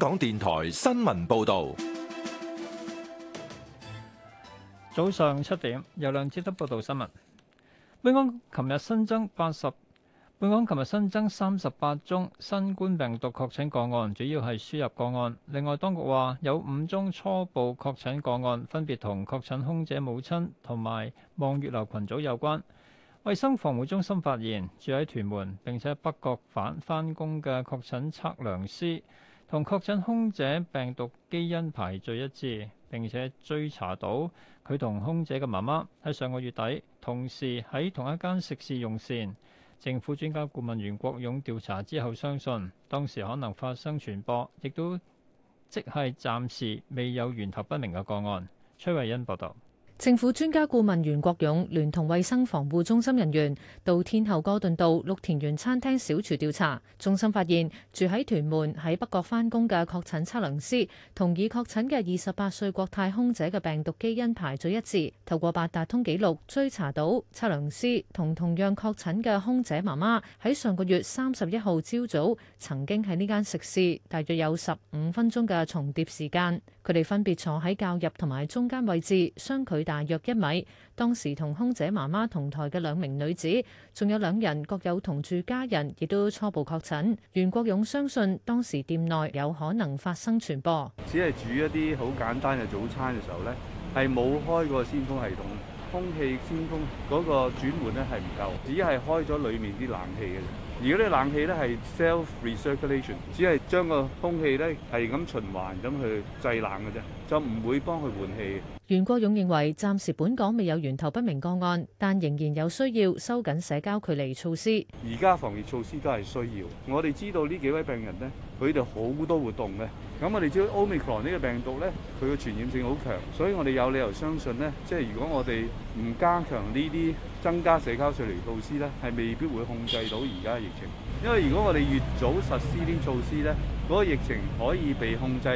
本港電台新聞報道，早上七點由梁志德報道新聞。本港琴日新增八十，本港琴日新增三十八宗新冠病毒確診個案，主要係輸入個案。另外，當局話有五宗初步確診個案，分別同確診空姐母親同埋望月樓群組有關。衛生防護中心發現住喺屯門，並且北角返翻工嘅確診測量師。同確診空姐病毒基因排序一致，並且追查到佢同空姐嘅媽媽喺上個月底同時喺同一間食肆用膳。政府專家顧問袁國勇調查之後，相信當時可能發生傳播，亦都即係暫時未有源頭不明嘅個案。崔慧欣報道。政府專家顧問袁國勇聯同衛生防護中心人員到天后歌頓道綠田園餐廳小廚調查，中心發現住喺屯門喺北角返工嘅確診測量師同已確診嘅二十八歲國泰空姐嘅病毒基因排序一致，透過八達通記錄追查到測量師同同樣確診嘅空姐媽媽喺上個月三十一號朝早曾經喺呢間食肆，大約有十五分鐘嘅重疊時間。佢哋分別坐喺教入同埋中間位置，相距大約一米。當時同空姐媽媽同台嘅兩名女子，仲有兩人各有同住家人，亦都初步確診。袁國勇相信當時店內有可能發生傳播，只係煮一啲好簡單嘅早餐嘅時候呢，係冇開過鮮風系統，空氣鮮風嗰個轉換咧係唔夠，只係開咗裡面啲冷氣嘅。如果呢冷氣咧係 self recirculation，只係將個空氣咧係咁循環咁去制冷嘅啫，就唔會幫佢換氣。袁國勇認為，暫時本港未有源頭不明個案，但仍然有需要收緊社交距離措施。而家防疫措施都係需要。我哋知道呢幾位病人咧，佢哋好多活動嘅。咁我哋知道 Omicron 呢個病毒咧，佢個傳染性好強，所以我哋有理由相信咧，即係如果我哋唔加強呢啲增加社交距離措施咧，係未必會控制到而家嘅疫情。因為如果我哋越早實施啲措施咧，嗰個疫情可以被控制，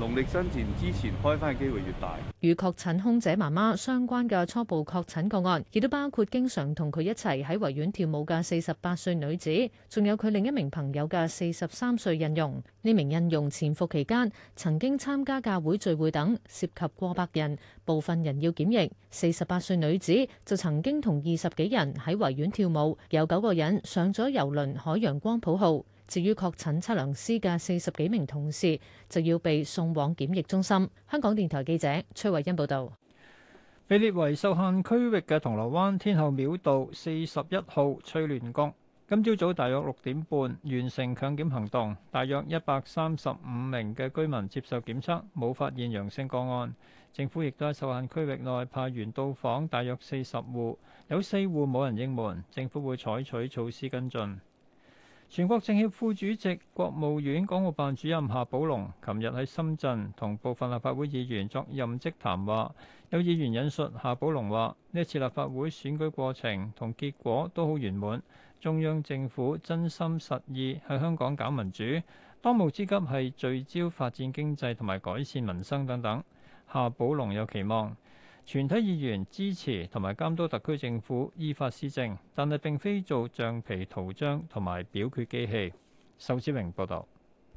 農曆新年之前開翻嘅機會越大。與確診空姐媽媽相關嘅初步確診個案，亦都包括經常同佢一齊喺維園跳舞嘅四十八歲女子，仲有佢另一名朋友嘅四十三歲印傭。呢名印傭潛伏期間曾經參加教會聚會等，涉及過百人，部分人要檢疫。四十八歲女子就曾經同二十幾人喺維園跳舞，有九個人上咗遊輪海洋光譜號。至於確診測量師嘅四十幾名同事，就要被送往檢疫中心。香港電台記者崔慧欣報道。被列為受限區域嘅銅鑼灣天后廟道四十一號翠聯宮，今朝早，早大約六點半完成強檢行動，大約一百三十五名嘅居民接受檢測，冇發現陽性個案。政府亦都喺受限區域內派員到訪，大約四十戶，有四戶冇人應門，政府會採取措施跟進。全國政協副主席、國務院港澳辦主任夏寶龍琴日喺深圳同部分立法會議員作任職談話。有議員引述夏寶龍話：呢次立法會選舉過程同結果都好圓滿，中央政府真心實意喺香港搞民主，當務之急係聚焦發展經濟同埋改善民生等等。夏寶龍有期望。全體議員支持同埋監督特區政府依法施政，但係並非做橡皮圖章同埋表決機器。仇志榮報導。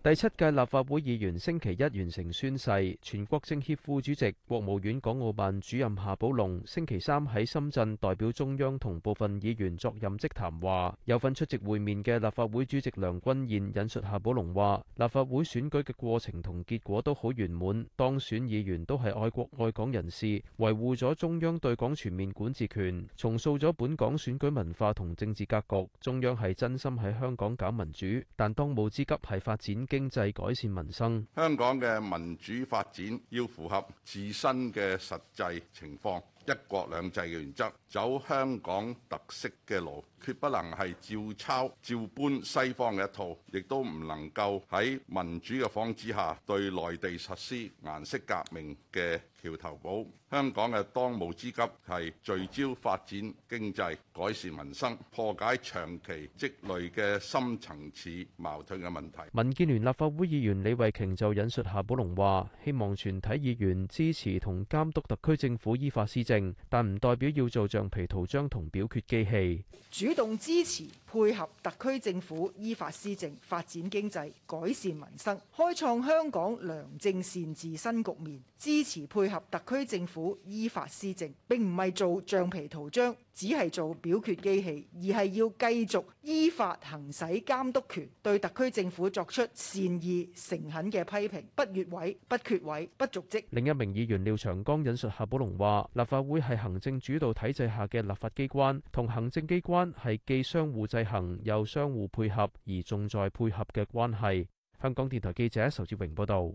第七屆立法會議員星期一完成宣誓。全國政協副主席、國務院港澳辦主任夏寶龍星期三喺深圳代表中央同部分議員作任職談話。有份出席會面嘅立法會主席梁君彥引述夏寶龍話，立法會選舉嘅過程同結果都好圓滿，當選議員都係愛國愛港人士，維護咗中央對港全面管治權，重塑咗本港選舉文化同政治格局。中央係真心喺香港搞民主，但當務之急係發展。經濟改善民生，香港嘅民主發展要符合自身嘅實際情況。一國兩制嘅原則，走香港特色嘅路，決不能係照抄照搬西方嘅一套，亦都唔能夠喺民主嘅幌子下對內地實施顏色革命嘅橋頭堡。香港嘅當務之急係聚焦發展經濟、改善民生、破解長期積累嘅深層次矛盾嘅問題。民建聯立法會議員李慧瓊就引述夏寶龍話，希望全體議員支持同監督特區政府依法施政。但唔代表要做橡皮圖章同表決機器，主動支持配合特區政府依法施政、發展經濟、改善民生、開創香港良政善治新局面，支持配合特區政府依法施政，並唔係做橡皮圖章。只係做表決機器，而係要繼續依法行使監督權，對特區政府作出善意誠懇嘅批評，不越位、不缺位、不續職。另一名議員廖長江引述夏寶龍話，立法會係行政主導體制下嘅立法機關，同行政機關係既相互制衡又相互配合，而重在配合嘅關係。香港電台記者仇志榮報道。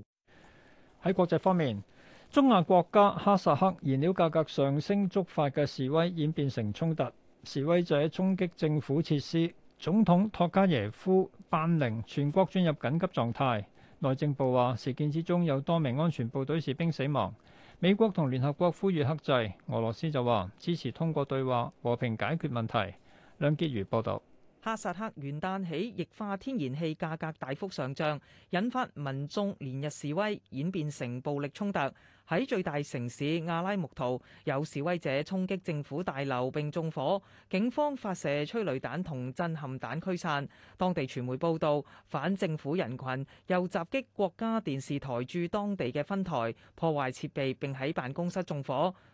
喺國際方面。中亞國家哈薩克燃料價格上升觸發嘅示威演變成衝突，示威者衝擊政府設施，總統托加耶夫頒令全國進入緊急狀態。內政部話事件之中有多名安全部隊士兵死亡。美國同聯合國呼籲克制，俄羅斯就話支持通過對話和平解決問題。梁傑如報導。哈薩克元旦起，液化天然氣價格大幅上漲，引發民眾連日示威，演變成暴力衝突。喺最大城市阿拉木圖，有示威者衝擊政府大樓並縱火，警方發射催淚彈同震撼彈驅散。當地傳媒報道，反政府人群又襲擊國家電視台駐當地嘅分台，破壞設備並喺辦公室縱火。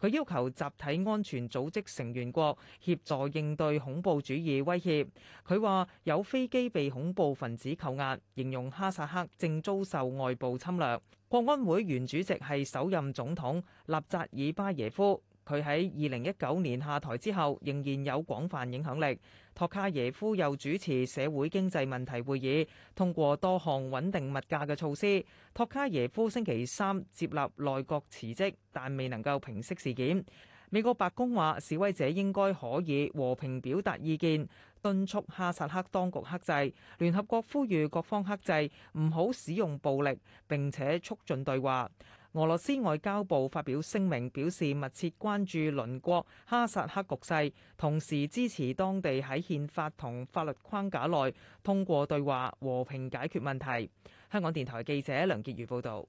佢要求集體安全組織成員國協助應對恐怖主義威脅。佢話有飛機被恐怖分子扣押，形容哈薩克正遭受外部侵略。國安會原主席係首任總統納扎爾巴耶夫。佢喺二零一九年下台之後，仍然有廣泛影響力。托卡耶夫又主持社會經濟問題會議，通過多項穩定物價嘅措施。托卡耶夫星期三接納內閣辭職，但未能夠平息事件。美國白宮話示威者應該可以和平表達意見，敦促哈薩克當局克制。聯合國呼籲各方克制，唔好使用暴力，並且促進對話。俄羅斯外交部發表聲明，表示密切關注鄰國哈薩克局勢，同時支持當地喺憲法同法律框架內通過對話和平解決問題。香港電台記者梁潔如報導。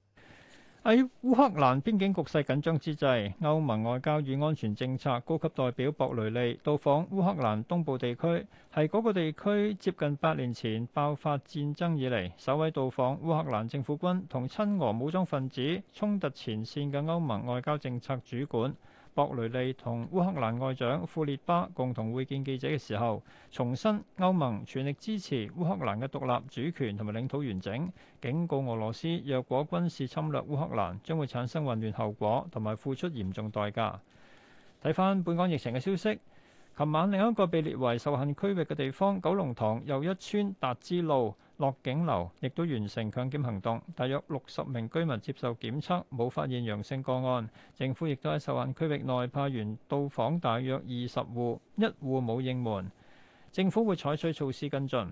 喺烏克蘭邊境局勢緊張之際，歐盟外交與安全政策高級代表博雷利到訪烏克蘭東部地區，係嗰個地區接近八年前爆發戰爭以嚟首位到訪烏克蘭政府軍同親俄武裝分子衝突前線嘅歐盟外交政策主管。博雷利同烏克蘭外長庫列巴共同會見記者嘅時候，重申歐盟全力支持烏克蘭嘅獨立主權同埋領土完整，警告俄羅斯若果軍事侵略烏克蘭，將會產生混亂後果，同埋付出嚴重代價。睇返本港疫情嘅消息。琴晚另一個被列為受限區域嘅地方，九龍塘又一村達之路落景樓，亦都完成強檢行動，大約六十名居民接受檢測，冇發現陽性個案。政府亦都喺受限區域內派員到訪大約二十戶，一戶冇應門。政府會採取措施跟進。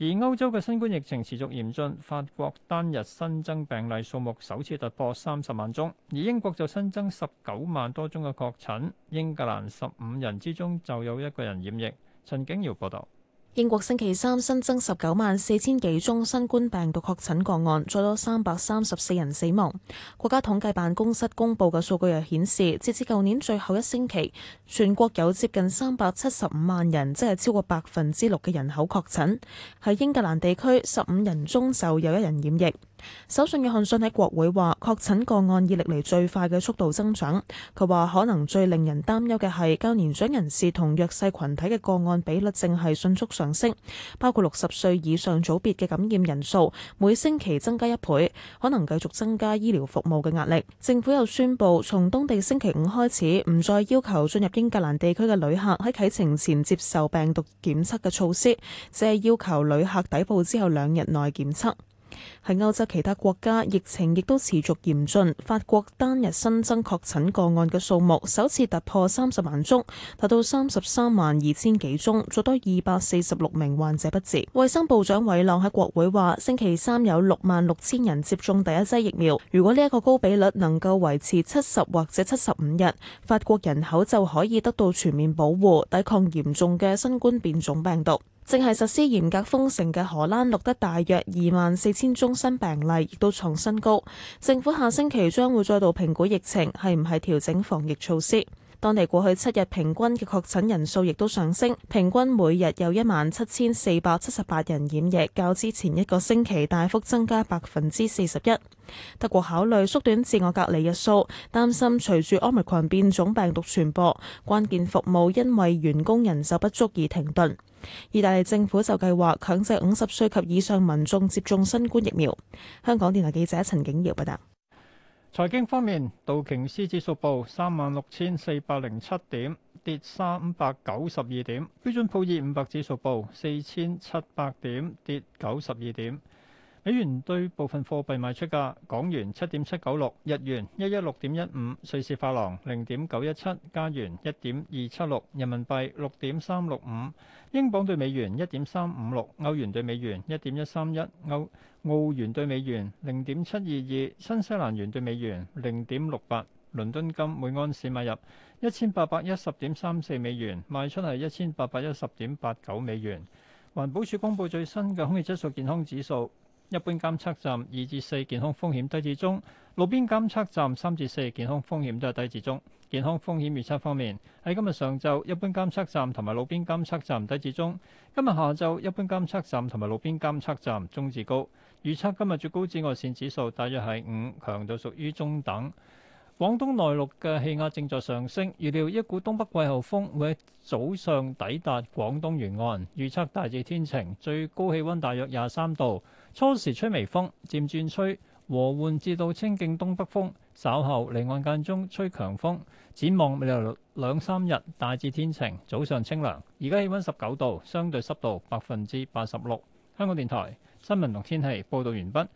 而歐洲嘅新冠疫情持續嚴峻，法國單日新增病例數目首次突破三十萬宗，而英國就新增十九萬多宗嘅確診，英格蘭十五人之中就有一個人染疫。陳景耀報道。英國星期三新增十九萬四千幾宗新冠病毒確診個案，再多三百三十四人死亡。國家統計辦公室公布嘅數據又顯示，截至舊年最後一星期，全國有接近三百七十五萬人，即係超過百分之六嘅人口確診。喺英格蘭地區，十五人中就有一人染疫。首相約翰遜喺國會話，確診個案以歷嚟最快嘅速度增長。佢話，可能最令人擔憂嘅係，較年長人士同弱勢群體嘅個案比率正係迅速上升，包括六十歲以上組別嘅感染人數，每星期增加一倍，可能繼續增加醫療服務嘅壓力。政府又宣佈，從當地星期五開始，唔再要求進入英格蘭地區嘅旅客喺啟程前接受病毒檢測嘅措施，只係要求旅客抵埗之後兩日內檢測。喺歐洲其他國家，疫情亦都持續嚴峻。法國單日新增確診個案嘅數目首次突破三十萬宗，達到三十三萬二千幾宗，再多二百四十六名患者不治。衛生部長韋朗喺國會話：星期三有六萬六千人接種第一劑疫苗。如果呢一個高比率能夠維持七十或者七十五日，法國人口就可以得到全面保護，抵抗嚴重嘅新冠變種病毒。正係實施嚴格封城嘅荷蘭錄得大約二萬四千宗新病例，亦都創新高。政府下星期將會再度評估疫情，係唔係調整防疫措施。當地過去七日平均嘅確診人數亦都上升，平均每日有一萬七千四百七十八人染疫，較之前一個星期大幅增加百分之四十一。德國考慮縮短自我隔離日數，擔心隨住奧密克戎變種病毒傳播，關鍵服務因為員工人手不足而停頓。意大利政府就計劃強制五十歲及以上民眾接種新冠疫苗。香港電台記者陳景堯報道。財經方面，道瓊斯指數報三萬六千四百零七點，跌三百九十二點；標準普爾五百指數報四千七百點，跌九十二點。美元兌部分貨幣賣出價：港元七點七九六，日元一一六點一五，瑞士法郎零點九一七，加元一點二七六，人民幣六點三六五，英鎊兌美元一點三五六，歐元兌美元一點一三一，澳澳元兌美元零點七二二，新西蘭元兌美元零點六八。倫敦金每安士買入一千八百一十點三四美元，賣出係一千八百一十點八九美元。環保署公布最新嘅空氣質素健康指數。一般監測站二至四健康風險低至中，路邊監測站三至四健康風險都係低至中。健康風險預測方面，喺今日上晝，一般監測站同埋路邊監測站低至中；今日下晝，一般監測站同埋路邊監測站中至高。預測今日最高紫外線指數大約係五，強度屬於中等。廣東內陸嘅氣壓正在上升，預料一股東北季候風會喺早上抵達廣東沿岸，預測大致天晴，最高氣温大約廿三度，初時吹微風，漸轉吹和緩至到清勁東北風，稍後離岸間中吹強風。展望未來兩三日大致天晴，早上清涼。而家氣温十九度，相對濕度百分之八十六。香港電台新聞同天氣報導完畢。